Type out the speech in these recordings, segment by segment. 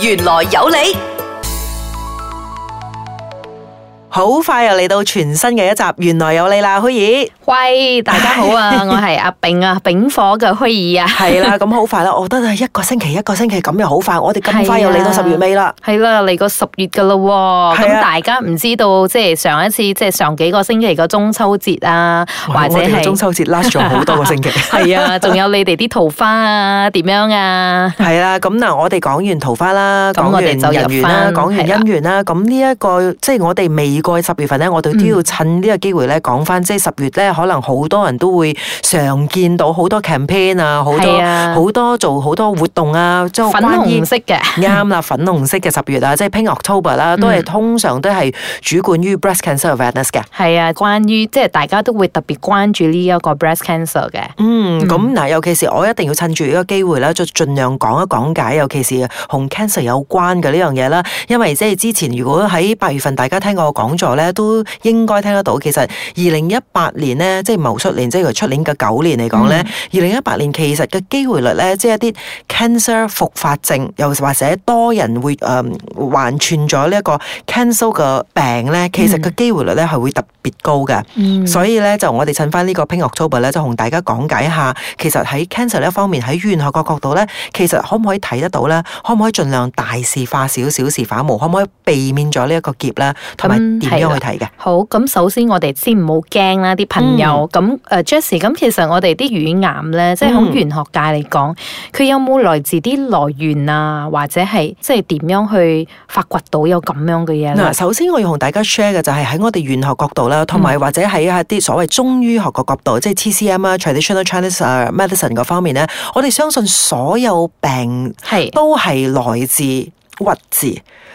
玄來有理。好快又嚟到全新嘅一集，玄來有理啦，虛擬。喂，大家好啊，我係阿炳啊，丙火嘅虛擬啊。係啦，咁好快啦，我覺得係一個星期，一個星期咁又好快，我哋咁快又嚟到十月尾啦。係啦，嚟個十月噶咯。咁大家唔知道，即係上一次，即係上幾個星期嘅中秋節啊，或者係中秋節 last 咗好多個星期。係啊，仲有你哋啲桃花啊，點樣啊？係啊，咁嗱，我哋講完桃花啦，咁我哋就入院啦，講完姻緣啦，咁呢一個即係我哋未。過去十月份咧，我哋都要趁呢個機會咧講翻，嗯、即係十月咧，可能好多人都會常見到好多 campaign 啊，好多好多做好多活動啊。粉紅色嘅啱啦，粉紅色嘅十月啊， 即係 Pink October 啦，都係、嗯、通常都係主管於 breast cancer awareness 嘅。係啊，關於即係大家都會特別關注呢一個 breast cancer 嘅。嗯，咁嗱、嗯，尤其是我一定要趁住呢個機會咧，就盡量講一講解，尤其是同 cancer 有關嘅呢樣嘢啦。因為即係之前如果喺八月份大家聽過我講。講座咧都應該聽得到。其實二零一八年咧，即係戊戌年，即係出年嘅九年嚟講咧，二零一八年其實嘅機會率咧，即係一啲 cancer 復發症，又或者多人會誒患傳咗呢一個 cancer 嘅病咧，其實嘅機會率咧係會特別高嘅。所以咧，就我哋趁翻呢個 Pink October 咧，就同大家講解一下。其實喺 cancer 呢一方面，喺醫學嘅角度咧，其實可唔可以睇得到咧？可唔可以盡量大事化小，小事化無？可唔可以避免咗呢一個劫咧？同埋。點樣去睇嘅？好，咁首先我哋先唔好驚啦，啲朋友。咁誒、嗯嗯，Jesse，i 咁其實我哋啲乳癌咧，嗯、即係喺玄學界嚟講，佢有冇來自啲來源啊？或者係即係點樣去發掘到有咁樣嘅嘢嗱，首先我要同大家 share 嘅就係喺我哋玄學角度啦，同埋或者喺一啲所謂中醫學嘅角度，嗯、即係 TCM 啊，traditional Chinese medicine 嗰方面咧，我哋相信所有病係都係來自，鬱字，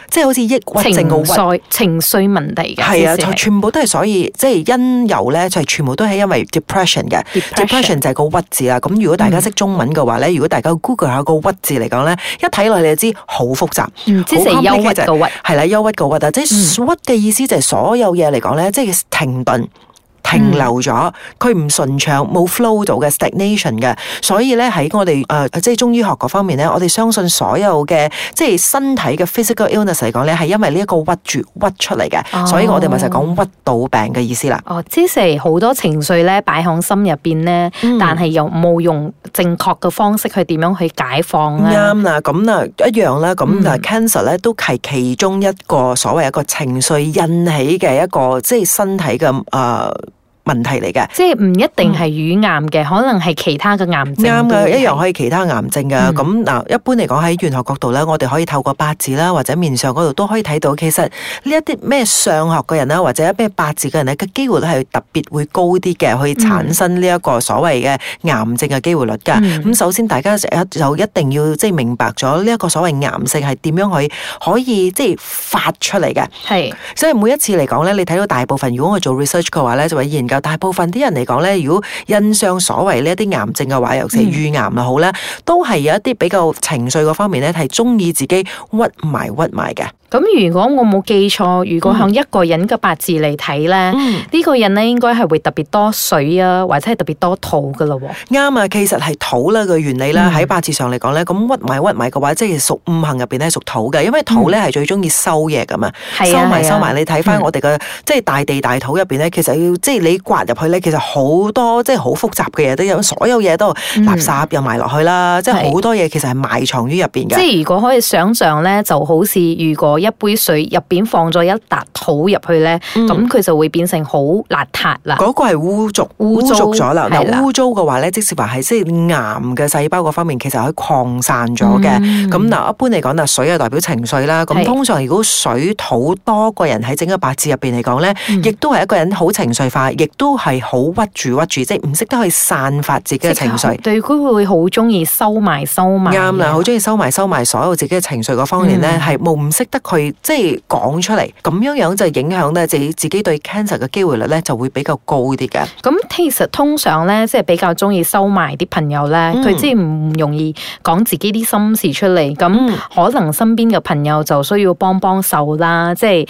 即係好似抑鬱症嘅鬱，情緒問題嘅，係啊的的，全部都係所以，即係因由咧，就係全部都係因為 dep depression 嘅，depression 就係個鬱字啦。咁如果大家識中文嘅話咧，如果大家，嗯、家 google 下個鬱字嚟講咧，一睇落你就知好複雜，好、嗯、憂鬱嘅鬱，係啦，憂鬱嘅鬱啊，嗯、即係鬱嘅意思就係所有嘢嚟講咧，即係停頓。停留咗，佢唔順暢，冇 flow 到嘅 stagnation 嘅，所以咧喺我哋誒、呃、即係中醫學嗰方面咧，我哋相信所有嘅即係身體嘅 physical illness 嚟講咧，係因為呢一個屈住屈出嚟嘅，哦、所以我哋咪就係講屈到病嘅意思啦。哦，之前好多情緒咧擺響心入邊咧，嗯、但係又冇用正確嘅方式去點樣去解放咧、啊。啱啦、嗯，咁、嗯、啊、嗯、一樣啦，咁但係 cancer 咧都係其中一個所謂一個情緒引起嘅一個即係身體嘅誒。呃問題嚟嘅，即係唔一定係乳癌嘅，嗯、可能係其他嘅癌症的。啱嘅，一樣可以其他癌症嘅。咁嗱、嗯，一般嚟講喺玄學角度咧，我哋可以透過八字啦，或者面上嗰度都可以睇到。其實呢一啲咩上學嘅人啦，或者咩八字嘅人咧，佢機會係特別會高啲嘅，可以產生呢一個所謂嘅癌症嘅機會率㗎。咁、嗯、首先大家就一定要即係明白咗呢一個所謂癌症係點樣去可以即係發出嚟嘅。係是，所以每一次嚟講咧，你睇到大部分，如果我做 research 嘅話咧，就會研究。大部分啲人嚟講咧，如果印象所謂呢一啲癌症嘅話，尤其是乳癌又好咧，都係有一啲比較情緒嗰方面咧，係中意自己屈埋屈埋嘅。咁如果我冇記錯，如果向一個人嘅八字嚟睇咧，呢、嗯、個人咧應該係會特別多水啊，或者係特別多土噶咯喎。啱、嗯、啊，其實係土啦嘅原理啦，喺、嗯、八字上嚟講咧，咁屈埋屈埋嘅話，即係屬五行入邊咧屬土嘅，因為土咧係最中意收嘢噶嘛，收埋收埋。你睇返我哋嘅、嗯、即係大地大土入邊咧，其實要即係你刮入去咧，其實好多即係好複雜嘅嘢都有，所有嘢都垃圾又埋落去啦，即係好多嘢其實係埋藏於入邊嘅。即係如果可以想像咧，就好似如果一杯水入邊放咗一沓土入去咧，咁佢就會變成好邋遢啦。嗰個係污濁，污濁咗啦。嗱，污糟嘅話咧，即使話係即係癌嘅細胞嗰方面，其實可以擴散咗嘅。咁嗱，一般嚟講啊，水係代表情緒啦。咁通常如果水土多個人喺整個八字入邊嚟講咧，亦都係一個人好情緒化，亦都係好屈住屈住，即係唔識得去散發自己嘅情緒。對，佢會好中意收埋收埋。啱啦，好中意收埋收埋所有自己嘅情緒嗰方面咧，係冇唔識得。去即係講出嚟，咁樣樣就影響咧自己自己對 cancer 嘅機會率咧就會比較高啲嘅。咁其實通常咧，即係比較中意收埋啲朋友咧，佢、嗯、即係唔容易講自己啲心事出嚟。咁、嗯、可能身邊嘅朋友就需要幫幫手啦，即係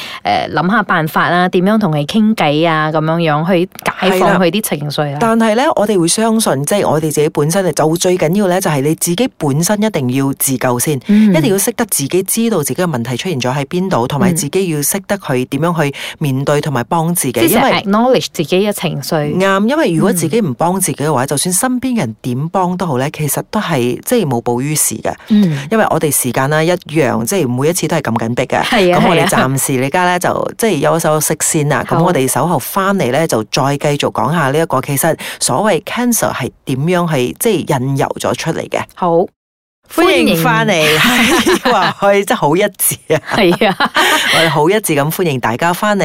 誒諗下辦法啊，點樣同佢傾偈啊，咁樣樣去解放佢啲情緒啊。但係咧，我哋會相信，即係我哋自己本身咧，就最緊要咧，就係你自己本身一定要自救先，嗯、一定要識得自己知道自己嘅問題出現。在喺邊度，同埋、嗯、自己要識得去點樣去面對，同埋幫自己。即係 acknowledge 自己嘅情緒。啱為，嗯、因為如果自己唔幫自己嘅話，就算身邊人點幫都好咧，其實都係即係無補於事嘅。嗯、因為我哋時間咧一樣，即係每一次都係咁緊迫嘅。係咁、啊、我哋暫時而家咧就即係休息先啦。咁、啊啊、我哋稍後翻嚟咧就再繼續講下呢、這、一個。其實所謂 cancer 係點樣係即係引誘咗出嚟嘅。好。歡迎翻嚟，哇， 真係好一致啊！係啊，我哋好一致咁歡迎大家翻嚟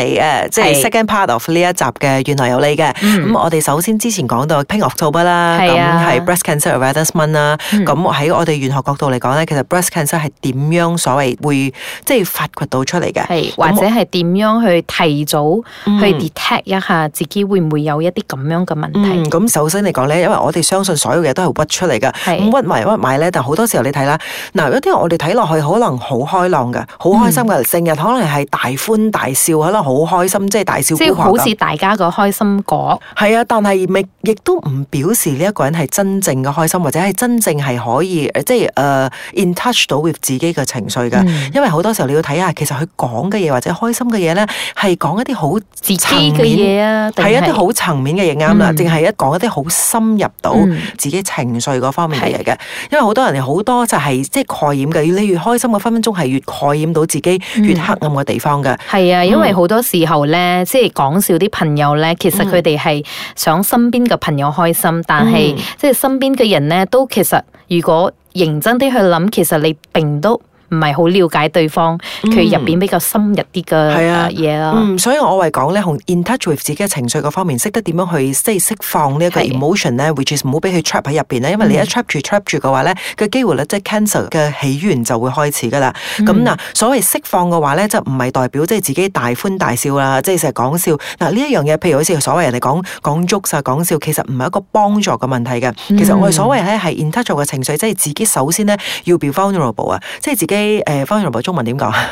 誒，即係 second part of 呢一集嘅《玄來有理》嘅、嗯。咁我哋首先之前講到 Pink October 啦，咁係 breast cancer awareness、嗯、month 啦。咁喺我哋玄學角度嚟講咧，其實 breast cancer 係點樣所謂會即係發掘到出嚟嘅？或者係點樣去提早、嗯、去 detect 一下自己會唔會有一啲咁樣嘅問題？咁、嗯、首先嚟講咧，因為我哋相信所有嘢都係屈出嚟㗎，屈埋屈埋咧，但好多時。你睇啦，嗱，有啲人我哋睇落去可能好開朗嘅，好開心嘅，成日可能係大歡大笑，可能好開心，即係大笑。即係好似大家個開心果。係啊，但係亦都唔表示呢一個人係真正嘅開心，或者係真正係可以即係誒、uh, in touch 到自己嘅情緒嘅。嗯、因為好多時候你要睇下，其實佢講嘅嘢，或者開心嘅嘢咧，係講一啲好自嘅嘢啊，係一啲好層面嘅嘢啱啦，淨係、嗯、一講一啲好深入到自己情緒嗰方面嘅嘢嘅。嗯、因為好多人好。好多就係即係蓋掩嘅，你、就、越、是、開心嘅分分鐘係越蓋掩到自己越黑暗嘅地方嘅。係啊、嗯， 因為好多時候咧，即係講笑啲朋友咧，其實佢哋係想身邊嘅朋友開心，但係、嗯、即係身邊嘅人咧，都其實如果認真啲去諗，其實你並都。唔係好了解對方，佢入邊比較深入啲嘅係啊，嘢、嗯、啊。所以我係講咧，同 in touch with 自己嘅情緒個方面，識得點樣去即係釋放呢一個 emotion 咧是，which is 唔好俾佢 trap 喺入邊咧。因為你一 trap 住 trap 住嘅話咧，嘅機會咧即係、就是、cancer 嘅起源就會開始噶啦。咁嗱、嗯，所謂釋放嘅話咧，就唔係代表即係自己大歡大笑啦，即係成日講笑。嗱呢一樣嘢，譬如好似所謂人哋講講足就係講笑，其實唔係一個幫助嘅問題嘅。嗯、其實我哋所謂咧係 in touch 嘅情緒，即係自己首先咧要 be vulnerable 啊，即係自己。誒，方言同中文點講啊？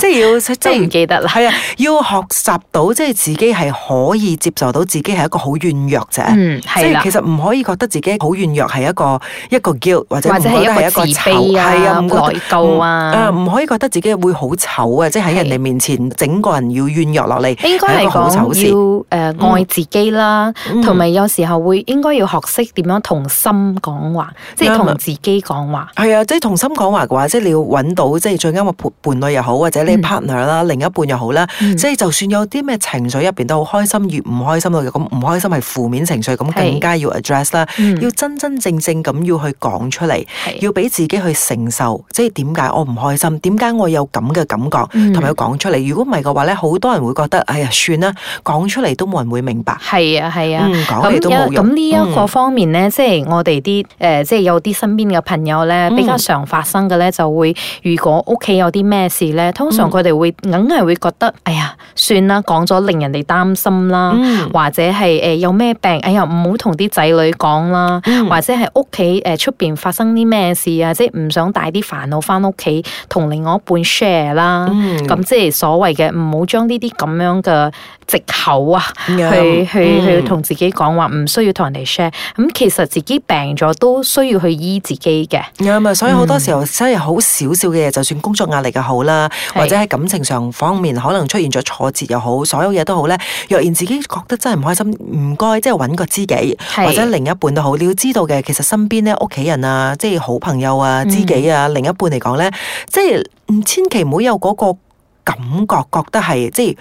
即係要即係唔記得啦。係啊，要學習到即係自己係可以接受到自己係一個好軟弱者。嗯，係啦。即係其實唔可以覺得自己好軟弱，係一個一個叫或者或者一個自卑啊，內疚啊，啊唔可以覺得自己會好醜啊，即係喺人哋面前整個人要軟弱落嚟，應該係講要誒愛自己啦。同埋有時候會應該要學識點樣同心講話，即係同自己講話。係啊，即係同心講話嘅話你要揾到即係最啱嘅伴伴侶又好，或者你 partner 啦、嗯、另一半又好啦。嗯、即係就算有啲咩情緒入邊都好，開心越唔開心咯。咁唔開心係負面情緒，咁更加要 address 啦，嗯、要真真正正咁要去講出嚟，是要俾自己去承受。即係點解我唔開心？點解我有咁嘅感覺？同埋要講出嚟。如果唔係嘅話咧，好多人會覺得，哎呀，算啦，講出嚟都冇人會明白。係啊，係啊，講嚟、嗯、都冇用。咁呢、啊啊、一個方面咧、嗯呃，即係我哋啲誒，即係有啲身邊嘅朋友咧，比較常發生嘅咧、嗯、就。會如果屋企有啲咩事咧，通常佢哋會梗係會覺得，哎呀，算啦，講咗令人哋擔心啦，嗯、或者係誒、呃、有咩病，哎呀，唔好同啲仔女講啦，嗯、或者係屋企誒出邊發生啲咩事啊，即係唔想帶啲煩惱翻屋企同另外一半 share 啦。咁即係所謂嘅，唔好將呢啲咁樣嘅借口啊、嗯，去去去同自己講話唔需要同人哋 share。咁其實自己病咗都需要去醫自己嘅。嗯、所以好多時候真係好。好少少嘅嘢，就算工作壓力又好啦，是或者喺感情上方面可能出現咗挫折又好，所有嘢都好咧。若然自己覺得真係唔開心，唔該，即係揾個知己是或者另一半都好。你要知道嘅，其實身邊咧屋企人啊，即係好朋友啊、知己啊、嗯、另一半嚟講咧，即係千祈唔好有嗰個感覺覺得係即係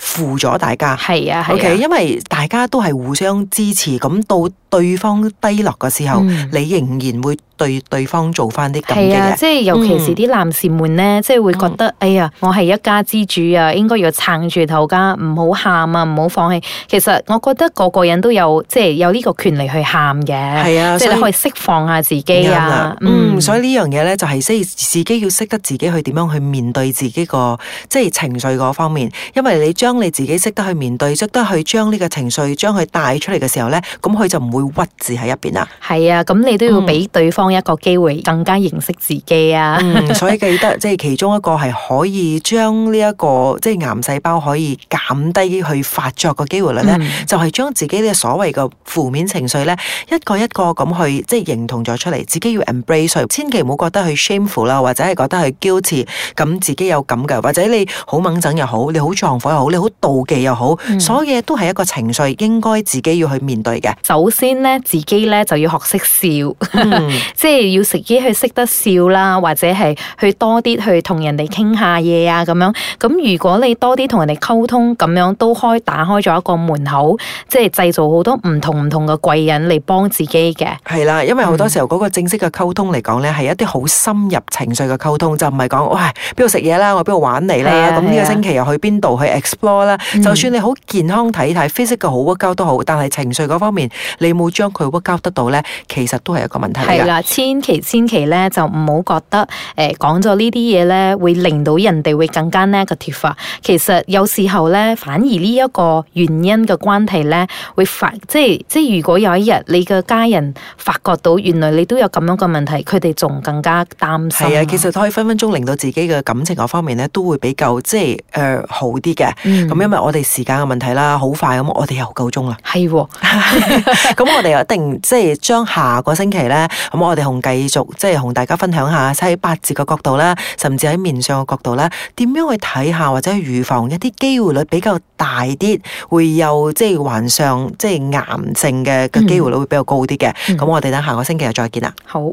負咗大家。係啊，啊，OK，因為大家都係互相支持咁到。對方低落嘅時候，嗯、你仍然會對對方做翻啲咁嘅嘢。即係尤其是啲男士們咧，嗯、即係會覺得，嗯、哎呀，我係一家之主啊，應該要撐住頭家，唔好喊啊，唔好放棄。其實我覺得個個人都有即係、就是、有呢個權利去喊嘅。係啊，即係你可以釋放下自己啊。以嗯，所以呢樣嘢咧就係自己要識得自己去點樣去面對自己個即係情緒嗰方面。因為你將你自己識得去面對，識得去將呢個情緒將佢帶出嚟嘅時候咧，咁佢就唔會。屈字喺入邊啊。係啊，咁你都要俾對方一個機會，更加認識自己啊。 嗯、所以記得，即係其中一個係可以將呢一個即係癌細胞可以減低去發作嘅機會率咧，嗯、就係將自己嘅所謂嘅負面情緒咧，一個一個咁去即係認同咗出嚟，自己要 embrace 佢，千祈唔好覺得去 shameful 啦，或者係覺得去 guilty，咁自己有咁噶，或者你好掹憎，又好，你好撞火又好，你好妒忌又好，嗯、所有嘢都係一個情緒，應該自己要去面對嘅。首先。咧自己咧就要學識笑，嗯、 即係要食己去識得笑啦，或者係去多啲去同人哋傾下嘢啊咁樣。咁如果你多啲同人哋溝通，咁樣都開打開咗一個門口，即係製造好多唔同唔同嘅貴人嚟幫自己嘅，係啦，嗯，因為好多時候嗰個正式嘅溝通嚟講咧，係一啲好深入情緒嘅溝通，就唔係講喂，邊度食嘢啦，我邊度玩你啦。咁呢，啊、個星期又去邊度去 explore 啦、啊。啊、就算你好健康睇睇，physical 好骨膠都好，但係情緒嗰方面你。冇 將佢屈交得到呢？其實都係一個問題㗎。啦、 嗯，千祈千祈呢，就唔好覺得誒、呃、講咗呢啲嘢呢，會令到人哋會更加呢 negative 其實有時候呢，反而呢一個原因嘅關係呢，會發即係即係，如果有一日你嘅家人發覺到原來你都有咁樣嘅問題，佢哋仲更加擔心。係啊、嗯，嗯、其實可以分分鐘令到自己嘅感情嗰方面呢，都會比較即係誒、呃、好啲嘅。咁、嗯嗯、因為我哋時間嘅問題啦，好快咁，我哋又夠鐘啦。係喎。 咁我哋一定即係將下個星期咧，咁我哋同繼續即係同大家分享下，喺八字嘅角度咧，甚至喺面上嘅角度咧，點對樣去睇下或者預防一啲機會率比較大啲，會有即係患上即係癌症嘅嘅機會率會比較高啲嘅。咁、嗯、我哋等下個星期日再見啦。好。